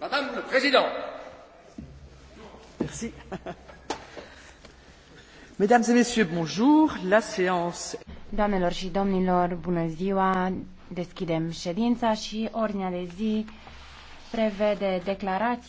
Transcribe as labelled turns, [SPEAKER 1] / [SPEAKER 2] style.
[SPEAKER 1] Madame le Président.
[SPEAKER 2] Merci. Mesdames et messieurs, bonjour. La
[SPEAKER 3] séance. Doamnelor și domnilor, bună ziua. Deschidem ședința și ordinea de zi prevede declarații